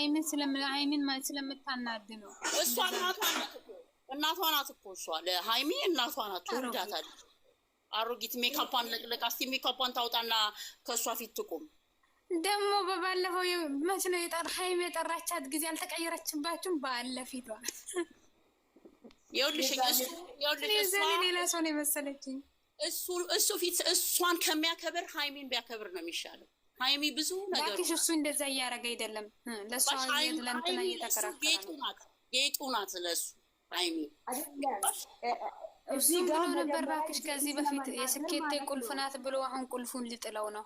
አይምን ስለምላ አይምን ስለምታናድ ነው። እሷ እናቷ ናት እኮ እናቷ ናት እኮ እሷ ለሀይሚ እናቷ ናት። ትወዳታለች። አሮጊት ሜካፓን ለቅለቃ እስቲ ሜካፓን ታውጣና ከእሷ ፊት ትቁም። ደግሞ በባለፈው መች ነው የጠራ ሀይሚ የጠራቻት ጊዜ አልተቀየረችባችሁም? ባለ ፊቷ ይኸውልሽ፣ ሌላ ሰው ነው የመሰለችኝ። እሱ ፊት እሷን ከሚያከብር ሀይሚን ቢያከብር ነው የሚሻለው። ሀይሚ ብዙ ነገር እሱ እንደዛ እያደረገ አይደለም። ለእሱ ጌጡ ናት ለሱ ናት ለእሱ ሀይሚ እዚህ ጋር ነበር። ባክሽ ከዚህ በፊት የስኬቴ ቁልፍ ናት ብሎ አሁን ቁልፉን ልጥለው ነው።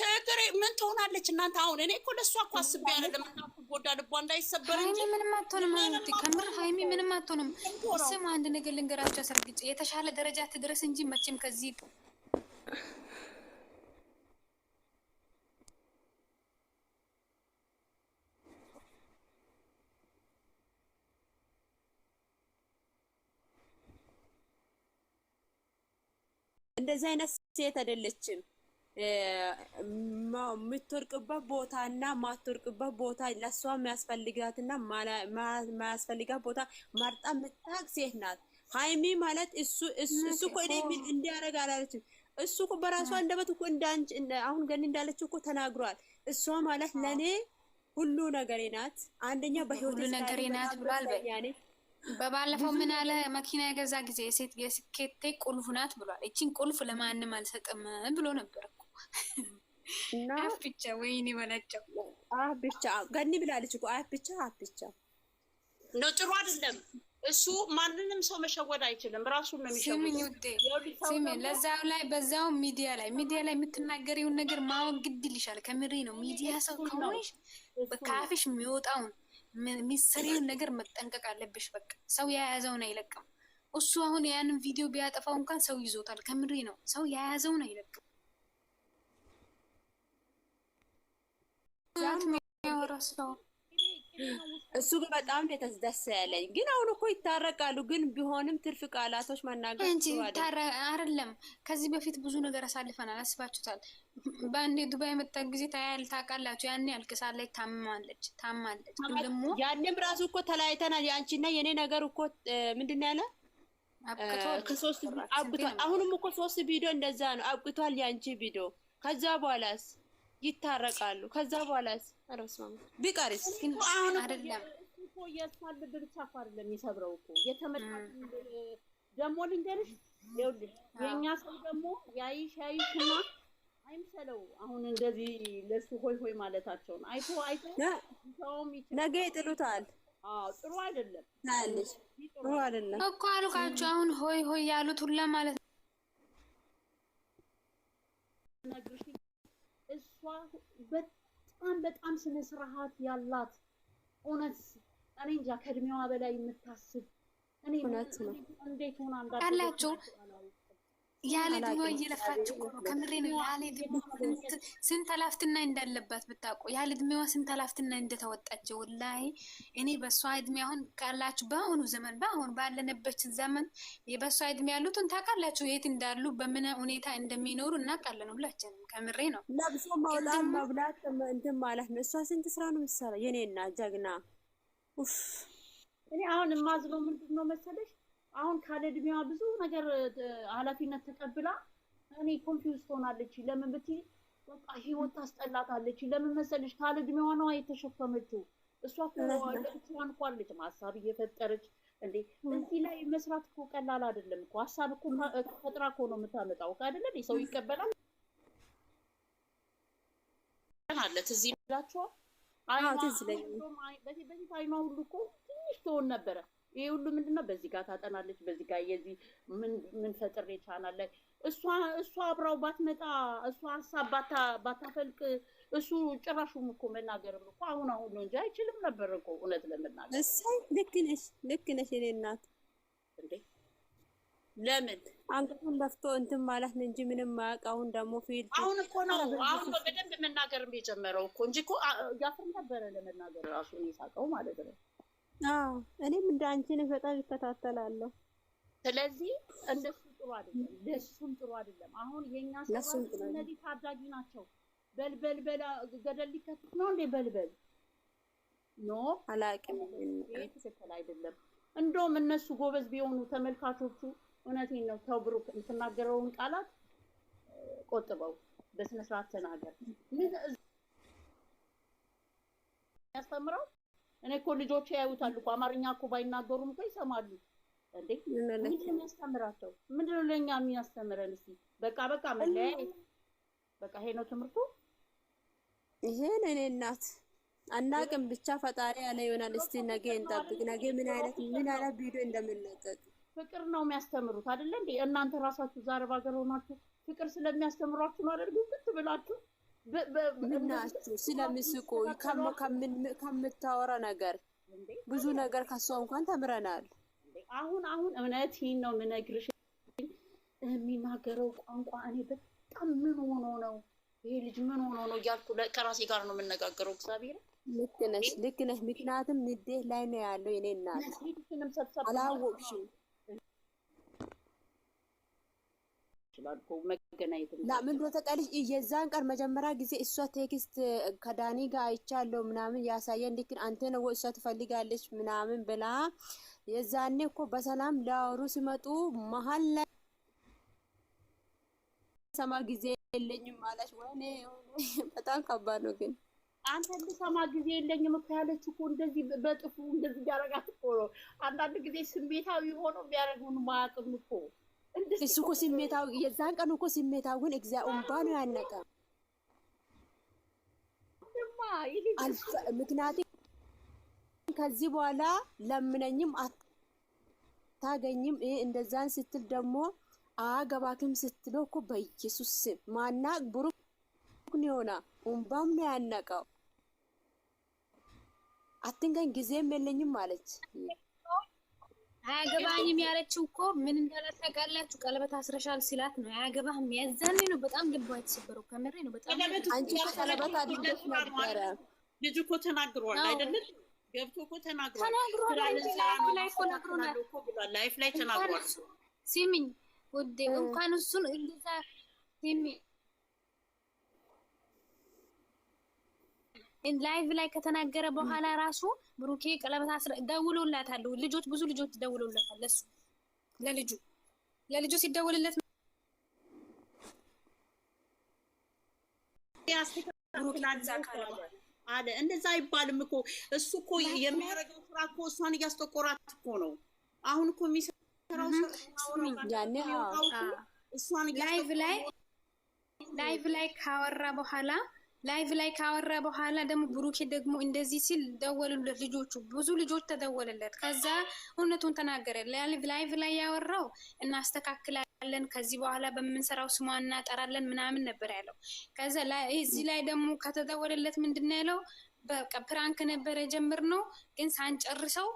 ችግር ምን ትሆናለች እናንተ? አሁን እኔ እኮ ለእሷ እኮ አስቤ አይደለም። ጎዳ ልቧ እንዳይሰበር ሀይሚ ምንም አትሆንም። አሁንቲ ከምር ሀይሚ ምንም አትሆንም። ስም አንድ ነገር ልንገራቸው፣ ሰርግጭ የተሻለ ደረጃ ትድረስ እንጂ መቼም ከዚህ እንደዚህ አይነት ሴት አይደለችም። የምትወርቅበት ቦታ እና ማትወርቅበት ቦታ ለእሷ የሚያስፈልጋት እና ማያስፈልጋት ቦታ ማርጣ የምታቅ ሴት ናት። ሀይሚ ማለት እሱ እሱ እኮ እኔ የሚል እንዲያደርግ አላለችም። እሱ እኮ በራሷ አንደበት እኮ እንዳንች አሁን ገን እንዳለች እኮ ተናግሯል። እሷ ማለት ለእኔ ሁሉ ነገሬ ናት። አንደኛ በህይወት ነገሬ ናት ብሏል። በባለፈው ምን አለ መኪና የገዛ ጊዜ የሴት የስኬቴ ቁልፍ ናት ብሏል። እችን ቁልፍ ለማንም አልሰጥም ብሎ ነበር እኮ አፍ ብቻ። ወይኔ በላቸው አፍ ብቻ ገኒ ብላለች እኮ አፍ ብቻ አፍ ብቻ ነው። ጥሩ አይደለም እሱ። ማንንም ሰው መሸወድ አይችልም። ራሱ ነው የሚሸወድ። ለዛው ላይ በዛው ሚዲያ ላይ ሚዲያ ላይ የምትናገሪውን ነገር ማወቅ ግድ ይልሻል። ከምሬ ነው። ሚዲያ ሰው ከሆንሽ ከአፍሽ የሚወጣውን ሚሰሪውን ነገር መጠንቀቅ አለብሽ። በቃ ሰው የያዘውን አይለቅም። እሱ አሁን ያንን ቪዲዮ ቢያጠፋው እንኳን ሰው ይዞታል። ከምሬ ነው። ሰው የያዘውን አይለቅም። ዛት ሰው እሱ ግን በጣም ደስ ያለኝ ግን አሁን እኮ ይታረቃሉ። ግን ቢሆንም ትርፍ ቃላቶች መናገር አይደለም። ከዚህ በፊት ብዙ ነገር አሳልፈናል። አስባችሁታል። በአንዴ ዱባይ የመጣ ጊዜ ታያል፣ ታውቃላችሁ። ያኔ አልቅሳለች፣ ታማለች፣ ታማለች። ግን ደግሞ ያኔም ራሱ እኮ ተለያይተናል። የአንቺና የኔ ነገር እኮ ምንድን ያለ ከሶስት አብቅቷል። አሁንም እኮ ሶስት ቪዲዮ እንደዛ ነው። አብቅቷል የአንቺ ቪዲዮ ከዛ በኋላስ ይታረቃሉ። ከዛ በኋላ ረስማም ቢቀርስ ግን አሁን እኮ የእሷን ልብ ብቻ እኮ አይደለም የሰብረው እኮ የተመጣጥ ደግሞ ልንገርሽ፣ ይኸውልሽ የእኛ ሰው ደግሞ ያይሽ ያይሽና አይምሰለው። አሁን እንደዚህ ለሱ ሆይ ሆይ ማለታቸውን አይቶ አይቶ ሰውም ነገ ይጥሉታል። ጥሩ አይደለም ታልሽ ጥሩ አይደለም እኮ አልኳቸው። አሁን ሆይ ሆይ ያሉት ሁላ ማለት ነው ነግርሽ በጣም በጣም ስነ ስርዓት ያላት እውነት እኔ እንጃ ከእድሜዋ በላይ የምታስብ እኔ እንዴት ሆና እንዳላችሁ ያለ ድሞ እየለፋች እኮ ነው። ከምሬ ነው። ያለ ድሞ ስንት ላፍትና እንዳለባት ብታውቁ፣ ያለ ድሜዋ ስንት ላፍትና እንደተወጣች ወላሂ። እኔ በእሷ እድሜ አሁን ካላችሁ በአሁኑ ዘመን በአሁኑ ባለነበች ዘመን በእሷ እድሜ ያሉትን ታውቃላችሁ፣ የት እንዳሉ በምን ሁኔታ እንደሚኖሩ እናውቃለን ሁላችንም። ከምሬ ነው። ለብሶ ማውላት መብላት እንትን ማለት ነው። እሷ ስንት ስራ ነው የምትሰራ የኔና ጀግና። እኔ አሁን የማዝነው ምንድን ነው መሰለሽ አሁን ካለ እድሜዋ ብዙ ነገር ኃላፊነት ተቀብላ እኔ ኮንፊውዝ ትሆናለች። ለምን ብትይ በቃ ህይወት ታስጠላታለች። ለምን መሰለሽ ካለ እድሜዋ ነዋ የተሸከመችው። እሷ ለብቻዋን እኮ አለችም ሀሳብ እየፈጠረች እንዴ እዚህ ላይ መስራት እኮ ቀላል አይደለም እኮ ሀሳብ እኮ ፈጥራ እኮ ነው የምታመጣው አይደለም። ሰው ይቀበላል አለ ትዝ ይላችኋል። በፊት አይኗ ሁሉ እኮ ትንሽ ትሆን ነበረ ይሄ ሁሉ ምንድን ነው? በዚህ ጋር ታጠናለች፣ በዚህ ጋር የዚህ ምን ፈጥሬ ቻናል ላይ እሷ እሷ አብራው ባትመጣ እሷ ሀሳብ ባታፈልቅ እሱ ጭራሹም እኮ መናገርም እኮ አሁን አሁን ነው እንጂ አይችልም ነበር እኮ እውነት ለመናገር። እሰይ ልክ ነሽ፣ ልክ ነሽ የእኔ እናት። እንዴ ለምን አንገቱን በፍቶ እንትን ማለት እንጂ ምንም ማያውቅ። አሁን ደግሞ ፊልድ አሁን እኮ ነው አሁን በደንብ መናገርም የጀመረው እኮ እንጂ እኮ ያፍር ነበረ ለመናገር ራሱ ሳቀው ማለት ነው። እኔም እንደ አንቺ ነኝ፣ በጣም ይከታተላለሁ። ስለዚህ እንደሱ ጥሩ አይደለም፣ ለሱም ጥሩ አይደለም። አሁን የኛ ሰው እነዚህ ታዳጊ ናቸው። በልበል በላ ገደል ሊከቱት ነው እንዴ? በልበል ኖ አላውቅም። ትክክል አይደለም። እንደውም እነሱ ጎበዝ ቢሆኑ ተመልካቾቹ፣ እውነቴን ነው ተው ብሩክ፣ የምትናገረውን ቃላት ቆጥበው በስነስርዓት ተናገር። ያስተምረው እኔ እኮ ልጆቼ ያዩታል እኮ አማርኛ እኮ ባይናገሩም እኮ ይሰማሉ። እንዴ ምንድን ነው የሚያስተምራቸው? ምንድን ነው ለእኛ የሚያስተምረን? እስኪ በቃ በቃ መለያየት በቃ ይሄ ነው ትምህርቱ። ይሄ ነው እኔ እናት አናቅም። ብቻ ፈጣሪ ያለ ይሆናል። እስቲ ነገ እንጠብቅ። ነገ ምን አይነት ምን አይነት ቪዲዮ እንደምንለቀቅ ፍቅር ነው የሚያስተምሩት አይደለ እንዴ? እናንተ ራሳችሁ እዛ አረብ ሀገር ሆናችሁ ፍቅር ስለሚያስተምሯችሁ ነው አደርግ ግን ብላችሁ ምናችሁ ስለምስቁ ከምታወራ ነገር ብዙ ነገር ከሷ እንኳን ተምረናል። አሁን አሁን እውነቴን ነው የምነግርሽ፣ የሚናገረው ቋንቋ እኔ በጣም ምን ሆኖ ነው ይሄ ልጅ ምን ሆኖ ነው እያልኩ ከራሴ ጋር ነው የምነጋገረው። እግዚአብሔር ልክ ነሽ፣ ልክ ነሽ። ምክንያቱም ንዴት ላይ ነው ያለው። የኔ እናት አላወቅሽም ይችላል። መገናኘት ምን ብሎ ተቀልጅ የዛን ቀን መጀመሪያ ጊዜ እሷ ቴክስት ከዳኒ ጋር አይቻለሁ ምናምን ያሳየ ልክ አንተ ነው እሷ ትፈልጋለች ምናምን ብላ የዛኔ እኮ በሰላም ሊያወሩ ሲመጡ መሀል ላይ ሰማ ጊዜ የለኝም አላች። ወይኔ በጣም ከባድ ነው ግን አንተ ልሰማ ጊዜ የለኝም እኮ ያለችው እኮ እንደዚህ በጥፉ እንደዚህ ያረጋት እኮ ነው። አንዳንድ ጊዜ ስሜታዊ ሆኖ የሚያደርጉን ማያቅም እኮ እሱ እኮ ስሜታዊ የዛን ቀን እኮ ስሜታዊን እግዚአብሔር እንባ ነው ያነቀ። ምክንያቱም ከዚህ በኋላ ለምነኝም አታገኝም እንደዛን ስትል ደግሞ አገባክም ስትለው እኮ በኢየሱስ ስም ማናቅ ብሩክ ሆና እንባም ነው ያነቀው። አትንገኝ ጊዜም የለኝም አለች። አያገባኝም ያለችው እኮ ምን እንዳላት ታውቃላችሁ? ቀለበት አስረሻል ሲላት ነው። አያገባህም ያዛኔ ነው በጣም ልቧ የተሰበረው። ከምሬ ነው። በጣም አንቺ ቀለበት አድርገሽ ነበረ። ልጅ እኮ ተናግሯል አይደለም? ገብቶ እኮ ተናግሯል። ተናግሯል። ላይፍ ላይ ተናግሯል። ሲሚኝ ውዴ እንኳን እሱን እንደዛ ሲሚኝ ላይቭ ላይ ከተናገረ በኋላ ራሱ ብሩኬ ቀለበት አስረ ደውሎላታል። ልጆች ብዙ ልጆች ደውሎላታል። ለሱ ለልጁ ለልጁ ሲደውልለት አለ። እንደዛ አይባልም እኮ እሱ እኮ የሚያደርገው ስራ እኮ እሷን እያስጠቆራት እኮ ነው። አሁን እኮ የሚሰራው ላይቭ ላይ ላይቭ ላይ ካወራ በኋላ ላይቭ ላይ ካወራ በኋላ ደግሞ ብሩኬ ደግሞ እንደዚህ ሲል ደወሉለት ልጆቹ፣ ብዙ ልጆች ተደወለለት። ከዛ እውነቱን ተናገረ። ላይቭ ላይ ያወራው እናስተካክላለን፣ ከዚህ በኋላ በምንሰራው ስሟ እናጠራለን ምናምን ነበር ያለው። ከዛ እዚህ ላይ ደግሞ ከተደወለለት ምንድን ያለው በቃ ፕራንክ ነበረ ጀምር ነው ግን ሳንጨርሰው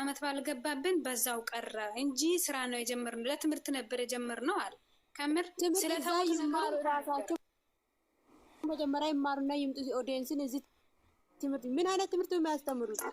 አመት ባልገባብን በዛው ቀረ እንጂ ስራ ነው የጀመርነው፣ ለትምህርት ነበር የጀመርነው አለ። ከምር ስለተው ራሳቸው መጀመሪያ ይማሩና ይምጡ። ኦዲየንስን እዚህ ትምህርት ምን አይነት ትምህርት የሚያስተምሩት